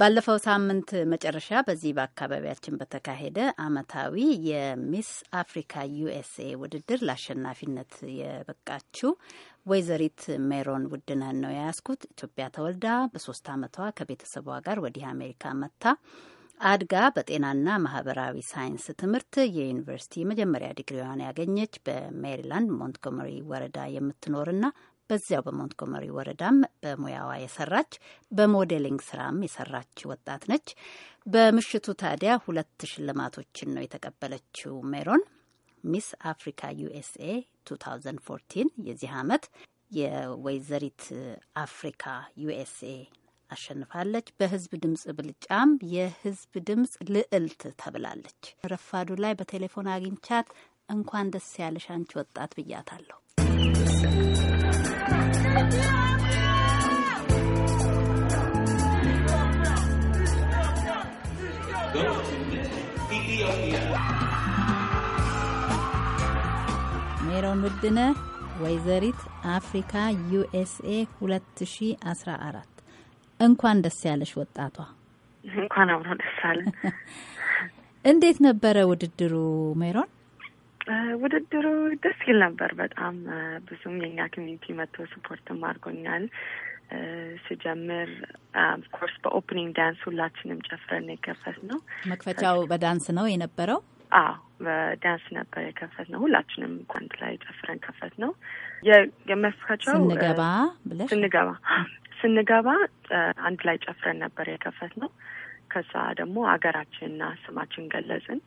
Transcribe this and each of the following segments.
ባለፈው ሳምንት መጨረሻ በዚህ በአካባቢያችን በተካሄደ ዓመታዊ የሚስ አፍሪካ ዩኤስኤ ውድድር ለአሸናፊነት የበቃችው ወይዘሪት ሜሮን ውድነህን ነው የያዝኩት። ኢትዮጵያ ተወልዳ በሶስት ዓመቷ ከቤተሰቧ ጋር ወዲህ አሜሪካ መጥታ አድጋ በጤናና ማህበራዊ ሳይንስ ትምህርት የዩኒቨርሲቲ መጀመሪያ ዲግሪዋን ያገኘች በሜሪላንድ ሞንትጎመሪ ወረዳ የምትኖርና በዚያው በሞንትጎመሪ ወረዳም በሙያዋ የሰራች በሞዴሊንግ ስራም የሰራች ወጣት ነች። በምሽቱ ታዲያ ሁለት ሽልማቶችን ነው የተቀበለችው። ሜሮን ሚስ አፍሪካ ዩኤስኤ 2014 የዚህ ዓመት የወይዘሪት አፍሪካ ዩኤስኤ አሸንፋለች። በህዝብ ድምጽ ብልጫም የህዝብ ድምጽ ልዕልት ተብላለች። ረፋዱ ላይ በቴሌፎን አግኝቻት እንኳን ደስ ያለሽ አንቺ ወጣት ብያታለሁ። ሜሮን ውድነ ወይዘሪት አፍሪካ ዩኤስኤ 2014 እንኳን ደስ ያለሽ ወጣቷ። እንኳን አብሮ ደስ አለ። እንዴት ነበረ ውድድሩ ሜሮን? ውድድሩ ደስ ይል ነበር በጣም ብዙም የኛ ኮሚኒቲ መጥቶ ስፖርትም አድርጎኛል። ስጀምር ኮርስ በኦፕኒንግ ዳንስ ሁላችንም ጨፍረን የከፈት ነው። መክፈቻው በዳንስ ነው የነበረው። አዎ በዳንስ ነበር የከፈት ነው። ሁላችንም አንድ ላይ ጨፍረን ከፈት ነው። የመክፈቻው ስንገባ ብለሽ ስንገባ ስንገባ አንድ ላይ ጨፍረን ነበር የከፈት ነው። ከዛ ደግሞ ሀገራችንና ስማችን ገለጽን።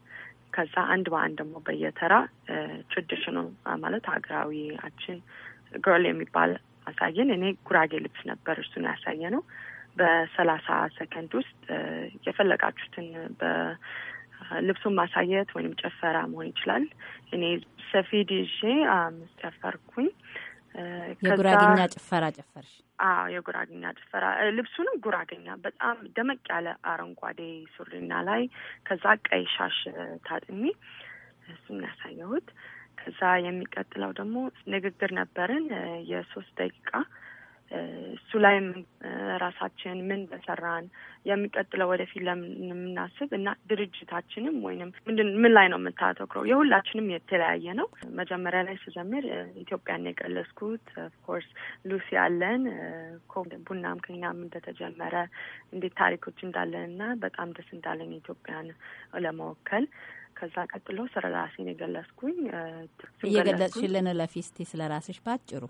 ከዛ አንድ በአንድ ደግሞ በየተራ ትራዲሽኑ ማለት ሀገራዊያችን ግርል የሚባል አሳየን። እኔ ጉራጌ ልብስ ነበር እሱን ያሳየ ነው። በሰላሳ ሰከንድ ውስጥ የፈለጋችሁትን በልብሱን ማሳየት ወይም ጨፈራ መሆን ይችላል። እኔ ሰፌድ ይዤ ጨፈርኩኝ። የጉራጌኛ ጭፈራ ጨፈርሽ? አዎ የጉራግኛ ጭፈራ ልብሱንም ጉራግኛ በጣም ደመቅ ያለ አረንጓዴ ሱሪና ላይ ከዛ ቀይ ሻሽ ታጥሚ እሱም ያሳየሁት። ከዛ የሚቀጥለው ደግሞ ንግግር ነበርን የሶስት ደቂቃ እሱ ላይም ራሳችን ምን በሰራን የሚቀጥለው ወደፊት ለምን የምናስብ እና ድርጅታችንም ወይንም ምንድን ምን ላይ ነው የምታተኩረው የሁላችንም የተለያየ ነው። መጀመሪያ ላይ ስጀምር ኢትዮጵያን የቀለስኩት ኦፍኮርስ ሉሲ አለን ቡናም ከኛም እንደተጀመረ እንዴት ታሪኮች እንዳለን እና በጣም ደስ እንዳለን ኢትዮጵያን ለመወከል ከዛ ቀጥሎ ስለ ራሴን የገለጽኩኝ እየገለጽሽልን ለፊስቲ ስለ ራስሽ ባጭሩ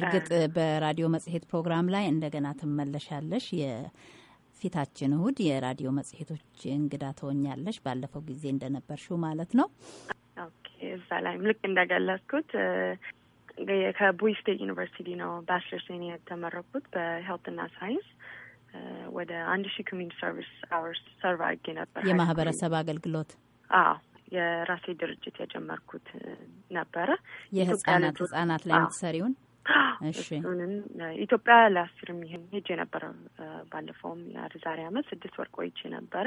እርግጥ በራዲዮ መጽሔት ፕሮግራም ላይ እንደገና ትመለሻለሽ። የፊታችን እሁድ የራዲዮ መጽሔቶች እንግዳ ትሆኛለሽ፣ ባለፈው ጊዜ እንደነበርሽው ማለት ነው። እዛ ላይም ልክ እንደገለጽኩት ከቡይ ስቴት ዩኒቨርሲቲ ነው ባችለር ሴኒ የተመረኩት በሄልትና ሳይንስ ወደ አንድ ሺህ ኮሚኒቲ ሰርቪስ አወርስ ሰርቭ አድርጌ ነበር። የማህበረሰብ አገልግሎት አዎ፣ የራሴ ድርጅት የጀመርኩት ነበረ የህጻናት ህጻናት ላይ ምትሰሪውን እሱንም ኢትዮጵያ ለአስርም ይህን ሄጄ ነበረ። ባለፈውም ያር ዛሬ አመት ስድስት ወር ቆይቼ ነበረ።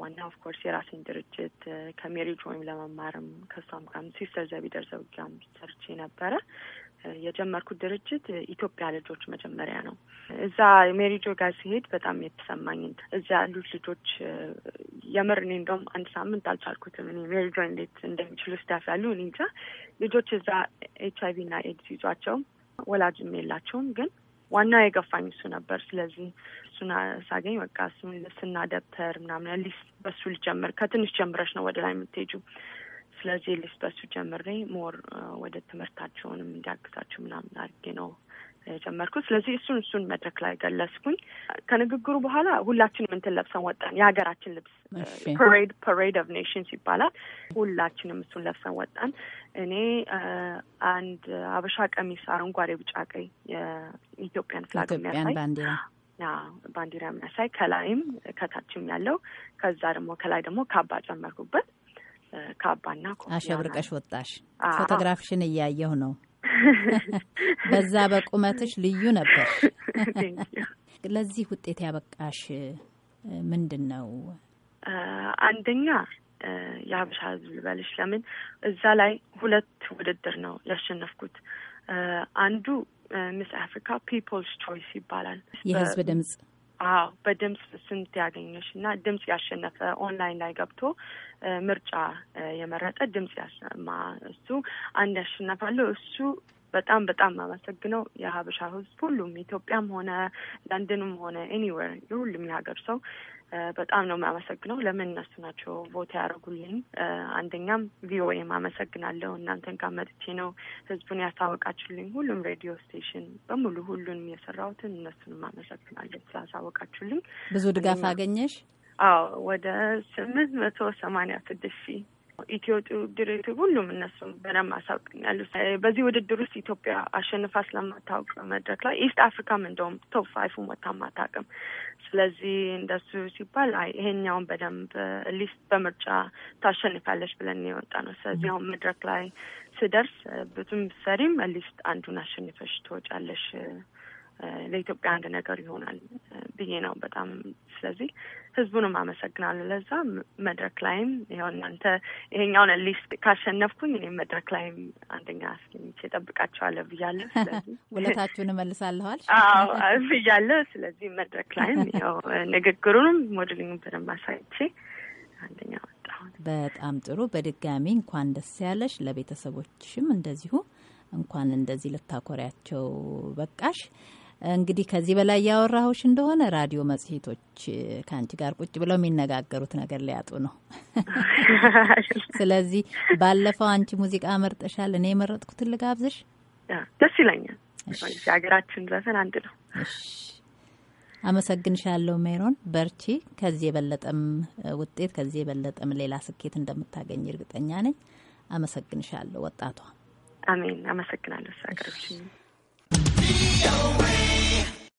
ዋና ኦፍ ኮርስ የራሴን ድርጅት ከሜሪጅ ወይም ለመማርም ከሷም ጋም ሲስተር ዘቢ ዘቢደር ጋም ሰርቼ ነበረ። የጀመርኩት ድርጅት ኢትዮጵያ ልጆች መጀመሪያ ነው። እዛ ሜሪጆ ጋር ሲሄድ በጣም የተሰማኝ እዚያ ያሉት ልጆች የምር እኔ እንደውም አንድ ሳምንት አልቻልኩትም። እኔ ሜሪጆ እንዴት እንደሚችሉ ስታፍ ያሉ እኔ እንጃ ልጆች እዛ ኤች አይቪ እና ኤድስ ይዟቸውም ወላጅም የላቸውም። ግን ዋና የገፋኝ እሱ ነበር። ስለዚህ እሱን ሳገኝ በቃ እሱን ስና ደብተር ምናምን ሊስት በሱ ልጀምር ከትንሽ ጀምረሽ ነው ወደ ላይ የምትሄጁ። ስለዚህ ሊስት በሱ ጀምሬ ሞር ወደ ትምህርታቸውንም እንዲያግዛቸው ምናምን አድርጌ ነው ጀመርኩ። ስለዚህ እሱን እሱን መድረክ ላይ ገለጽኩኝ። ከንግግሩ በኋላ ሁላችንም እንትን ለብሰን ወጣን። የሀገራችን ልብስ ፓሬድ ፓሬድ ኦፍ ኔሽንስ ይባላል። ሁላችንም እሱን ለብሰን ወጣን። እኔ አንድ አበሻ ቀሚስ አረንጓዴ፣ ቢጫ፣ ቀይ የኢትዮጵያን ፍላግ የሚያሳይ ባንዲራ የሚያሳይ ከላይም ከታችም ያለው ከዛ ደግሞ ከላይ ደግሞ ካባ ጨመርኩበት። ካባና አሸብርቀሽ ወጣሽ። ፎቶግራፍሽን እያየሁ ነው። በዛ በቁመትሽ ልዩ ነበር። ለዚህ ውጤት ያበቃሽ ምንድን ነው? አንደኛ የሀበሻ ህዝብ ልበልሽ። ለምን እዛ ላይ ሁለት ውድድር ነው ያሸነፍኩት። አንዱ ሚስ አፍሪካ ፒፕልስ ቾይስ ይባላል የህዝብ ድምጽ አዎ በድምጽ ስንት ያገኘሽ እና ድምጽ ያሸነፈ ኦንላይን ላይ ገብቶ ምርጫ የመረጠ ድምጽ ያሰማ እሱ አንድ ያሸነፋለሁ እሱ በጣም በጣም የማመሰግነው የሀበሻ ህዝብ ሁሉም ኢትዮጵያም ሆነ ለንደንም ሆነ ኤኒዌር የሁሉም የሀገር ሰው በጣም ነው የማመሰግነው። ለምን እነሱ ናቸው ቦታ ያደረጉልኝ። አንደኛም ቪኦኤም አመሰግናለሁ። እናንተን ካመጥቼ ነው ህዝቡን ያሳወቃችሁልኝ። ሁሉም ሬዲዮ ስቴሽን በሙሉ ሁሉንም የሰራሁትን እነሱንም አመሰግናለን ስላሳወቃችሁልኝ። ብዙ ድጋፍ አገኘሽ? አዎ ወደ ስምንት መቶ ሰማንያ ስድስት ሺህ ኢትዮ ድሬቱ ሁሉም እነሱም በደንብ አሳውቅኛሉ። በዚህ ውድድር ውስጥ ኢትዮጵያ አሸንፋ ስለማታውቅ መድረክ ላይ ኢስት አፍሪካም እንደውም ቶፕ ፋይፍ ወታ አታውቅም። ስለዚህ እንደሱ ሲባል አይ ይሄኛውን በደንብ ሊስት በምርጫ ታሸንፋለች ብለን የወጣ ነው። ስለዚህ አሁን መድረክ ላይ ስደርስ ብዙም ሰሪም ሊስት አንዱን አሸንፈሽ ትወጫለሽ ለኢትዮጵያ አንድ ነገር ይሆናል ብዬ ነው በጣም ስለዚህ ህዝቡንም አመሰግናለሁ። ለዛ መድረክ ላይም ይኸው እናንተ ይሄኛውን ሊስት ካሸነፍኩኝ እኔም መድረክ ላይም አንደኛ አስገኝቼ እጠብቃቸዋለሁ ብያለሁ። ስለዚህ ውለታችሁን እመልሳለኋል አዎ ብያለሁ። ስለዚህ መድረክ ላይም ያው ንግግሩንም ሞድሊንግ ብንም አሳይቼ አንደኛ ወጣሁን። በጣም ጥሩ። በድጋሚ እንኳን ደስ ያለሽ። ለቤተሰቦችሽም እንደዚሁ እንኳን እንደዚህ ልታኮሪያቸው በቃሽ። እንግዲህ ከዚህ በላይ ያወራሁሽ እንደሆነ ራዲዮ መጽሔቶች ከአንቺ ጋር ቁጭ ብለው የሚነጋገሩት ነገር ሊያጡ ነው። ስለዚህ ባለፈው አንቺ ሙዚቃ መርጠሻል፣ እኔ የመረጥኩትን ልጋብዝሽ። ደስ ይለኛል። የሀገራችን ዘፈን አንድ ነው። አመሰግንሻለሁ ሜሮን፣ በርቺ። ከዚህ የበለጠም ውጤት ከዚህ የበለጠም ሌላ ስኬት እንደምታገኝ እርግጠኛ ነኝ። አመሰግንሻለሁ ወጣቷ። አሜን። አመሰግናለሁ።